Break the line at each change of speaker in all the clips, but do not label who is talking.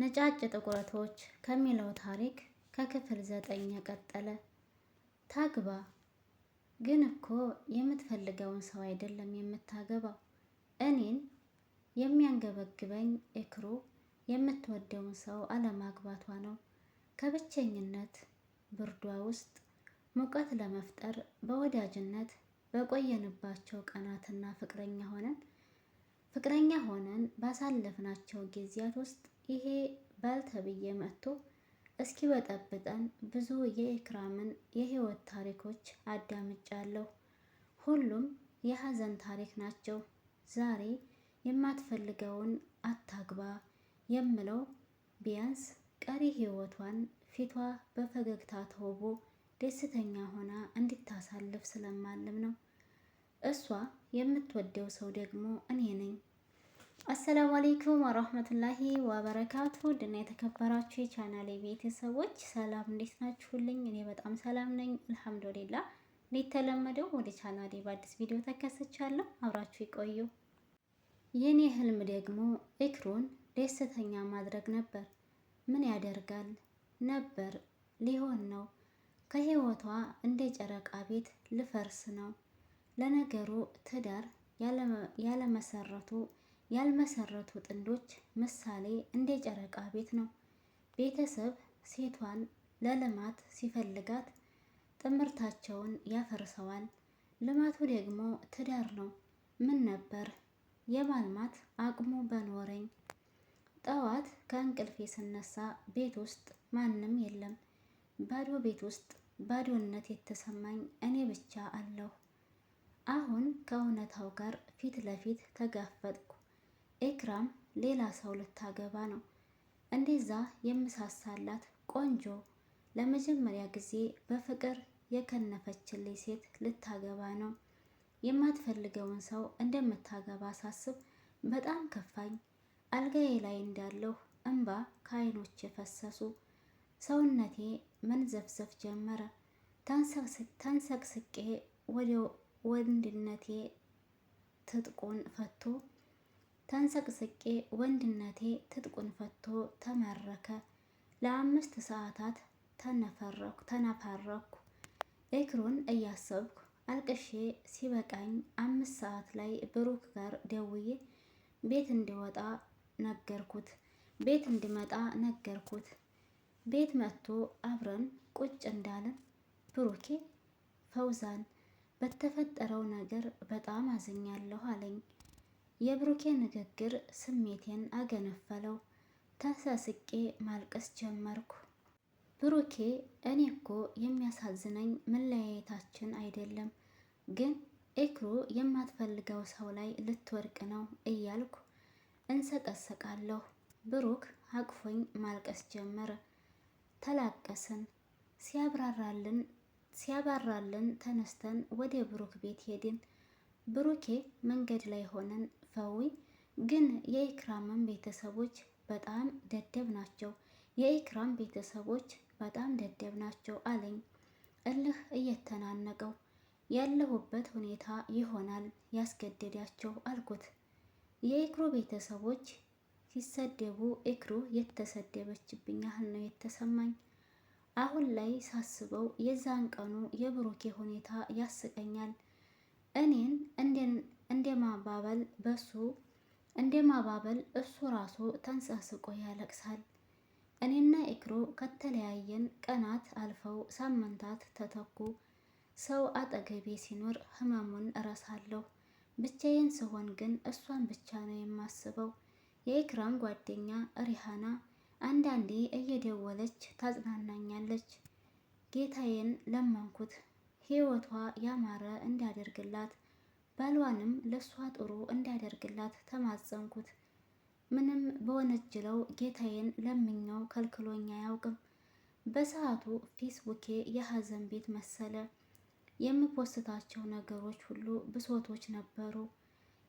ነጫጭ ጥቁረቶች ከሚለው ታሪክ ከክፍል ዘጠኝ የቀጠለ። ታግባ ግን እኮ የምትፈልገውን ሰው አይደለም የምታገባው። እኔን የሚያንገበግበኝ እክሩ የምትወደውን ሰው አለማግባቷ ነው። ከብቸኝነት ብርዷ ውስጥ ሙቀት ለመፍጠር በወዳጅነት በቆየንባቸው ቀናትና ፍቅረኛ ሆነን ፍቅረኛ ሆነን ባሳለፍናቸው ጊዜያት ውስጥ ይሄ ባል ተብዬ መጥቶ እስኪ በጠብጠን ብዙ የኢክራምን የህይወት ታሪኮች አዳምጫለሁ። ሁሉም የሀዘን ታሪክ ናቸው። ዛሬ የማትፈልገውን አታግባ የምለው ቢያንስ ቀሪ ህይወቷን ፊቷ በፈገግታ ተውቦ ደስተኛ ሆና እንድታሳልፍ ስለማለም ነው። እሷ የምትወደው ሰው ደግሞ እኔ ነኝ። አሰላሙ አሌይኩም ወራህመቱላሂ ወበረካቱ ድና የተከበራችሁ የቻናሌ ቤተሰቦች ሰላም እንዴት ናችሁልኝ? እኔ በጣም ሰላም ነኝ አልሐምዱሊላ። እንደተለመደው ወደ ቻናሌ በአዲስ ቪዲዮ ተከስቻለሁ። አብራችሁ ይቆዩ። የኔ ህልም ደግሞ እክሩን ደስተኛ ማድረግ ነበር። ምን ያደርጋል ነበር ሊሆን ነው። ከህይወቷ እንደ ጨረቃ ቤት ልፈርስ ነው። ለነገሩ ትዳር ያለመሰረቱ ያልመሰረቱ ጥንዶች ምሳሌ እንደ ጨረቃ ቤት ነው። ቤተሰብ ሴቷን ለልማት ሲፈልጋት ጥምርታቸውን ያፈርሰዋል። ልማቱ ደግሞ ትዳር ነው። ምን ነበር የማልማት አቅሙ በኖረኝ። ጠዋት ከእንቅልፌ ስነሳ ቤት ውስጥ ማንም የለም። ባዶ ቤት ውስጥ ባዶነት የተሰማኝ እኔ ብቻ አለሁ። አሁን ከእውነታው ጋር ፊት ለፊት ተጋፈጥኩ። ኤክራም ሌላ ሰው ልታገባ ነው። እንደዛ የምሳሳላት ቆንጆ ለመጀመሪያ ጊዜ በፍቅር የከነፈችልኝ ሴት ልታገባ ነው። የማትፈልገውን ሰው እንደምታገባ ሳስብ በጣም ከፋኝ። አልጋዬ ላይ እንዳለሁ እንባ ከአይኖች የፈሰሱ፣ ሰውነቴ መንዘፍዘፍ ጀመረ። ተንሰቅስቄ ወደ ወንድነቴ ትጥቁን ፈቶ ተንሰቅስቄ ወንድነቴ ትጥቁን ፈቶ ተመረከ። ለአምስት ሰዓታት ተነፈረኩ ተነፈረኩ ኤክሩን እያሰብኩ አልቅሼ ሲበቃኝ አምስት ሰዓት ላይ ብሩክ ጋር ደውዬ ቤት እንዲወጣ ነገርኩት። ቤት እንዲመጣ ነገርኩት። ቤት መጥቶ አብረን ቁጭ እንዳለን ብሩኬ ፈውዛን በተፈጠረው ነገር በጣም አዝኛለሁ አለኝ። የብሩኬ ንግግር ስሜቴን አገነፈለው። ተሳስቄ ማልቀስ ጀመርኩ። ብሩኬ እኔ እኮ የሚያሳዝነኝ መለያየታችን አይደለም፣ ግን ኤክሩ የማትፈልገው ሰው ላይ ልትወርቅ ነው እያልኩ እንሰቀሰቃለሁ። ብሩክ አቅፎኝ ማልቀስ ጀመረ። ተላቀስን። ሲያብራራልን ሲያባራልን ተነስተን ወደ ብሩክ ቤት ሄድን። ብሩኬ መንገድ ላይ ሆነን ፈዊ ግን የኢክራምን ቤተሰቦች በጣም ደደብ ናቸው፣ የኢክራም ቤተሰቦች በጣም ደደብ ናቸው አለኝ። እልህ እየተናነቀው ያለሁበት ሁኔታ ይሆናል ያስገደዳቸው አልኩት። የኢክሩ ቤተሰቦች ሲሰደቡ ኢክሩ የተሰደበችብኝ ያህል ነው የተሰማኝ። አሁን ላይ ሳስበው የዛን ቀኑ የብሩኬ ሁኔታ ያስቀኛል። እኔን እንደ እንደማባበል በሱ እንደማባበል እሱ ራሱ ተንሰስቆ ያለቅሳል። እኔና ኢክሮ ከተለያየን ቀናት አልፈው ሳምንታት ተተኩ። ሰው አጠገቤ ሲኖር ህመሙን እረሳለሁ። ብቻዬን ስሆን ግን እሷን ብቻ ነው የማስበው። የኢክራም ጓደኛ ሪሃና አንዳንዴ እየደወለች ታጽናናኛለች። ጌታዬን ለመንኩት ሕይወቷ ያማረ እንዲያደርግላት ባሏንም ለእሷ ጥሩ እንዲያደርግላት ተማጸንኩት። ምንም በወነጅለው ጌታዬን ለምኛው ከልክሎኝ አያውቅም። በሰዓቱ ፌስቡኬ የሀዘን ቤት መሰለ። የምፖስታቸው ነገሮች ሁሉ ብሶቶች ነበሩ።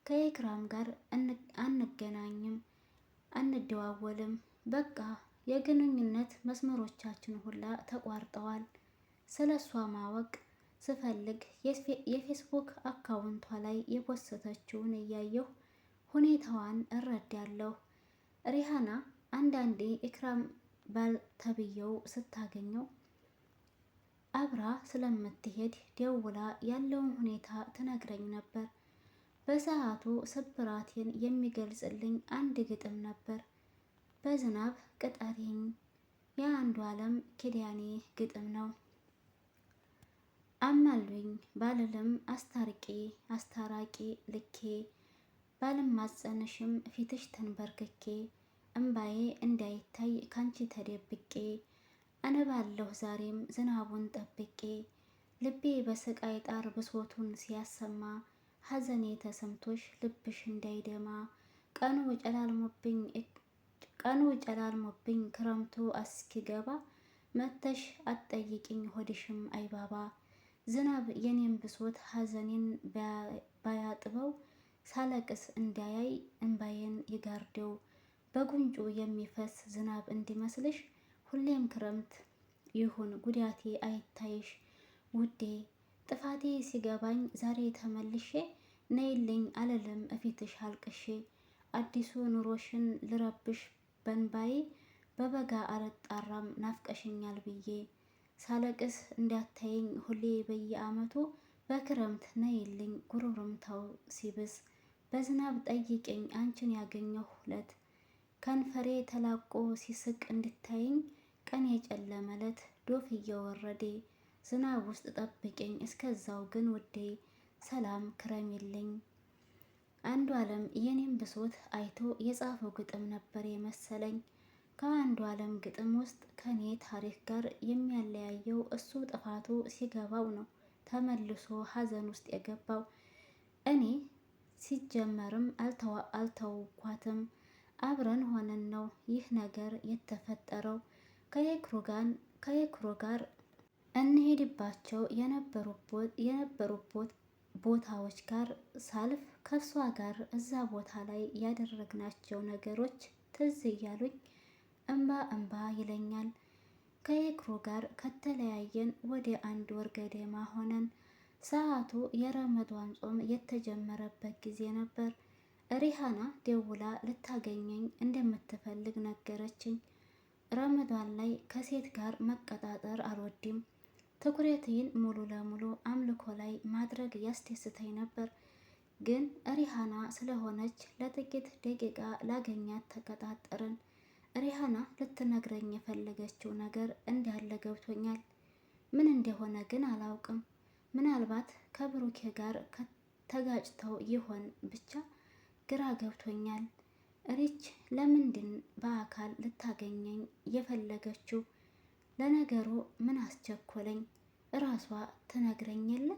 ከኤክራም ጋር አንገናኝም፣ አንደዋወልም። በቃ የግንኙነት መስመሮቻችን ሁላ ተቋርጠዋል። ስለ እሷ ማወቅ ስፈልግ የፌስቡክ አካውንቷ ላይ የፖሰተችውን እያየሁ ሁኔታዋን እረዳለሁ። ሪሃና አንዳንዴ ኢክራም ባል ተብየው ስታገኘው አብራ ስለምትሄድ ደውላ ያለውን ሁኔታ ትነግረኝ ነበር። በሰዓቱ ስብራቴን የሚገልጽልኝ አንድ ግጥም ነበር። በዝናብ ቅጠሪኝ የአንዱ ዓለም ኪዳኔ ግጥም ነው። አማሉኝ ባልልም አስታርቂ አስታራቂ ልኬ ማጸነሽም ፊትሽ ተንበርክኬ እምባዬ እንዳይታይ ካንቺ ተደብቄ አነባለሁ ዛሬም ዝናቡን ጠብቄ ልቤ በስቃይ ጣር ብሶቱን ሲያሰማ ሐዘኔ ተሰምቶሽ ልብሽ እንዳይደማ ቀኑ ጨላልሞብኝ ቀኑ ጨላልሞብኝ ክረምቱ አስኪገባ መተሽ አትጠይቅኝ ሆድሽም አይባባ ዝናብ የኔን ብሶት ሐዘኔን ባያጥበው ሳለቅስ እንዳያይ እንባዬን ይጋርደው በጉንጩ የሚፈስ ዝናብ እንዲመስልሽ ሁሌም ክረምት ይሁን ጉዳቴ አይታይሽ ውዴ ጥፋቴ ሲገባኝ ዛሬ ተመልሼ ነይልኝ አለልም እፊትሽ አልቅሼ አዲሱ ኑሮሽን ልረብሽ በንባዬ በበጋ አልጣራም ናፍቀሽኛል ብዬ ሳለቅስ እንዳታየኝ ሁሌ በየአመቱ በክረምት ነይልኝ ጉሩምታው ሲብስ በዝናብ ጠይቀኝ አንቺን ያገኘሁ ሁለት ከንፈሬ ተላቆ ሲስቅ እንድታይኝ ቀን የጨለመለት ዶፍ እየወረዴ ዝናብ ውስጥ ጠብቀኝ እስከዛው ግን ውዴ ሰላም ክረሚልኝ። አንዱ አለም የኔም ብሶት አይቶ የጻፈው ግጥም ነበር የመሰለኝ። ከአንዱ ዓለም ግጥም ውስጥ ከኔ ታሪክ ጋር የሚያለያየው እሱ ጥፋቱ ሲገባው ነው ተመልሶ ሀዘን ውስጥ የገባው። እኔ ሲጀመርም አልተውኳትም፣ አብረን ሆነን ነው ይህ ነገር የተፈጠረው። ከየክሮ ጋር እንሄድባቸው የነበሩበት ቦታዎች ጋር ሳልፍ ከእሷ ጋር እዛ ቦታ ላይ ያደረግናቸው ነገሮች ትዝ እያሉኝ እምባ እምባ ይለኛል። ከየክሮ ጋር ከተለያየን ወደ አንድ ወር ገደማ ሆነን። ሰዓቱ የረመዷን ጾም የተጀመረበት ጊዜ ነበር። ሪሃና ደውላ ልታገኘኝ እንደምትፈልግ ነገረችኝ። ረመዷን ላይ ከሴት ጋር መቀጣጠር አልወድም። ትኩረቴን ሙሉ ለሙሉ አምልኮ ላይ ማድረግ ያስደስተኝ ነበር። ግን ሪሃና ስለሆነች ለጥቂት ደቂቃ ላገኛት ተቀጣጠርን። ሪሃና ልትነግረኝ የፈለገችው ነገር እንዳለ ገብቶኛል። ምን እንደሆነ ግን አላውቅም። ምናልባት ከብሩኬ ጋር ተጋጭተው ይሆን ብቻ ግራ ገብቶኛል። ሪች ለምንድን በአካል ልታገኘኝ የፈለገችው? ለነገሩ ምን አስቸኮለኝ? እራሷ ትነግረኝ የለ።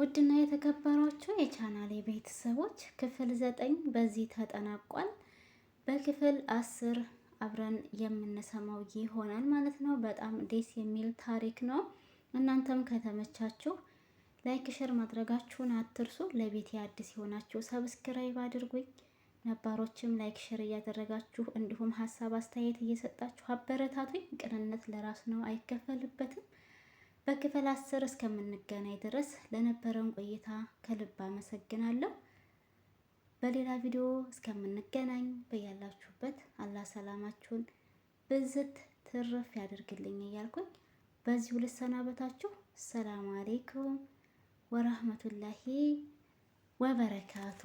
ውድና የተከበሯችሁ የቻናሌ ቤተሰቦች ክፍል ዘጠኝ በዚህ ተጠናቋል። በክፍል አስር አብረን የምንሰማው ይሆናል ማለት ነው። በጣም ደስ የሚል ታሪክ ነው። እናንተም ከተመቻችሁ ላይክ፣ ሸር ማድረጋችሁን አትርሱ። ለቤት አዲስ የሆናችሁ ሰብስክራይብ አድርጉኝ። ነባሮችም ላይክ፣ ሸር እያደረጋችሁ እንዲሁም ሀሳብ አስተያየት እየሰጣችሁ አበረታቱኝ። ቅንነት ለራሱ ነው፣ አይከፈልበትም። በክፍል አስር እስከምንገናኝ ድረስ ለነበረን ቆይታ ከልብ አመሰግናለሁ። በሌላ ቪዲዮ እስከምንገናኝ በያላችሁበት አላህ ሰላማችሁን ብዝት ትርፍ ያደርግልኝ እያልኩኝ በዚሁ ልሰናበታችሁ። ሰላም አሌይኩም ወረህመቱላሂ ወበረካቱ